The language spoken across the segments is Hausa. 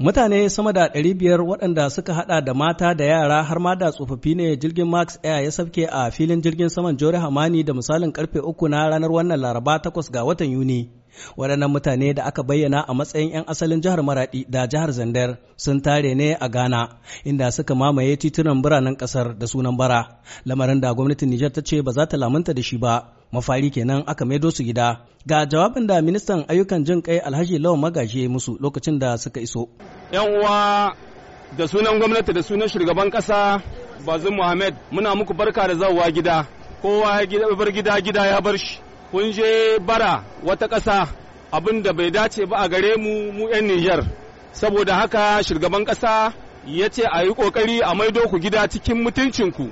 Mutane sama da ɗari biyar waɗanda suka haɗa da mata da yara har ma da tsofaffi ne jirgin Max Air ya sabke a filin jirgin saman Jori Hamani da misalin karfe uku na ranar wannan Laraba takwas ga watan Yuni. Waɗannan mutane da aka bayyana a matsayin 'yan asalin jihar Maradi da jihar Zandar sun tare ne a Ghana inda suka mamaye titunan biranen ƙasar da sunan bara. Lamarin da gwamnatin Nijar ta ce ba za ta lamunta da shi ba mafari kenan aka maido su gida ga jawabin da ministan ayyukan jin kai alhaji lawan magaji musu lokacin da suka iso yan uwa da sunan gwamnati da sunan shugaban kasa bazin muhammad muna muku barka da zawa gida kowa ya bar gida gida ya bar shi kun je bara wata ƙasa abin da bai dace ba a gare mu mu 'yan Nijar saboda haka shugaban ƙasa ya ce a yi ƙoƙari a maido ku gida cikin mutuncinku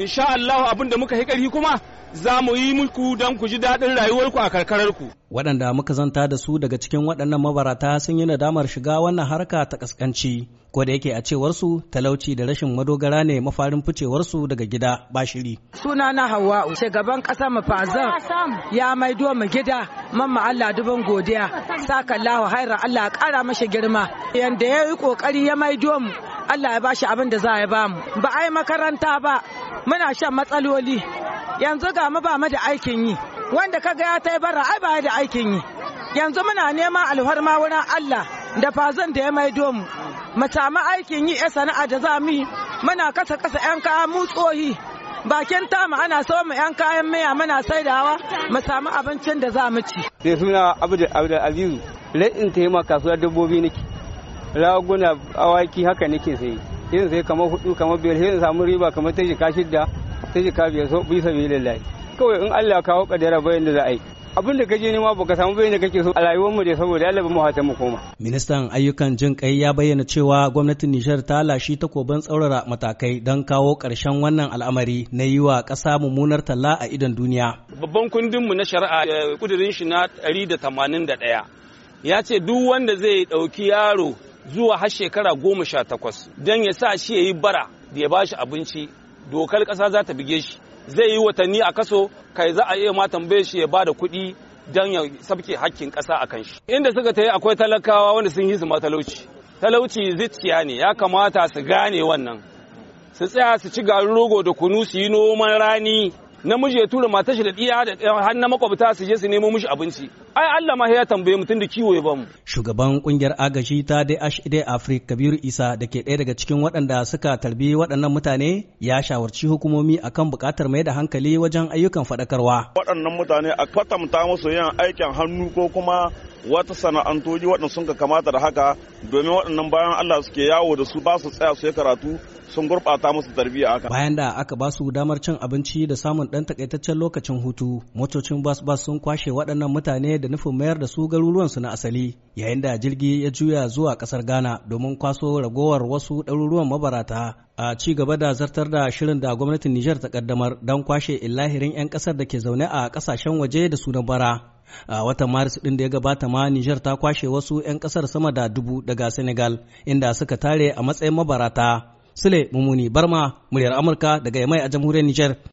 insha Allah abin da muka yi ƙarfi kuma za mu yi muku don ku ji daɗin rayuwarku a karkararku. Waɗanda muka zanta da su daga cikin waɗannan mabarata sun yi nadamar shiga wannan harka ta ƙasƙanci, ko da yake a cewarsu talauci da rashin madogara ne mafarin ficewarsu daga gida ba shiri. Suna na Hawwa'u, shugaban ƙasa mafazan ya maido mu gida, man Allah duban godiya, saka Allah haira Allah ƙara mashi girma. Yanda ya yi ƙoƙari ya maido mu, Allah ya bashi abin da za ya bamu. Ba a yi makaranta ba, muna shan matsaloli yanzu ga mu ba mu da aikin yi wanda ka ga ya ta bara ai ba da aikin yi yanzu muna neman alfarma wurin Allah da fazan da ya maido mu mu samu aikin yi 'yan eh, sana'a da za mu yi muna kasa kasa 'yan kaya mu tsohi bakin tamu ana so mu yan kayan miya muna saidawa mu samu abincin da za mu ci. Sai suna Abdul Abdul Azizu, in taimaka kasuwar dabbobi nake. Raguna awaki haka nake sayi. yin sai kamar hudu kamar biyar sai samu riba kamar ta shika shidda ta shika biyar so bi sabi lillahi kawai in Allah kawo kadara bayan da za a yi abin da kaje nema baka samu bayan da kake so a rayuwar mu da saboda Allah ba mu hata mu koma ministan ayyukan jin kai ya bayyana cewa gwamnatin Nijar ta lashi takoban tsaurara matakai don kawo karshen wannan al'amari na yi wa ƙasa mummunar talla a idan duniya babban kundin mu na shari'a kudirin eh, shi na 181 ya ce duk wanda zai ɗauki yaro zuwa har shekara goma sha takwas don ya sa shi ya yi bara da ya ba shi abinci dokar ƙasa za ta bige shi zai yi watanni a kaso kai za a iya ma tambaye shi ya ba da kuɗi don ya sabke hakkin ƙasa a kan shi inda suka ta yi akwai talakawa wanda sun yi su matalauci talauci zicciya ne ya kamata su gane wannan su tsaya su ci garin rogo da kunu su yi noman rani namiji ya tura matar shi da diya da har na makwabta su je su nemo mishi abinci ai Allah ma ya tambaye mutum da kiwo ya bamu shugaban kungiyar agaji ta DHD Africa Kabiru Isa da ke ɗaya daga cikin waɗanda suka tarbi waɗannan mutane ya shawarci hukumomi akan buƙatar mai da hankali wajen ayyukan faɗakarwa waɗannan mutane a kwatanta musu yin aikin hannu ko kuma wata sana'antoji waɗanda sun ka kamata da haka domin waɗannan bayan Allah suke yawo da su ba su tsaya su yi karatu sun gurɓata musu tarbiyya haka. Bayan da aka ba su damar cin abinci da samun ɗan takaitaccen lokacin hutu, motocin bas bas sun kwashe waɗannan mutane da nufin mayar da su garuruwansu na asali, yayin da jirgi ya juya zuwa ƙasar Ghana domin kwaso ragowar wasu ɗaruruwan mabarata a ci gaba da zartar da shirin da gwamnatin Nijar ta kaddamar don kwashe illahirin 'yan ƙasar da ke zaune a ƙasashen waje da sunan bara. a watan maris din da ya gabata ma nijar ta kwashe wasu 'yan kasar sama da dubu daga senegal inda suka tare a matsayin mabarata sule mumuni barma muryar amurka daga yamai a jamhuriyar nijar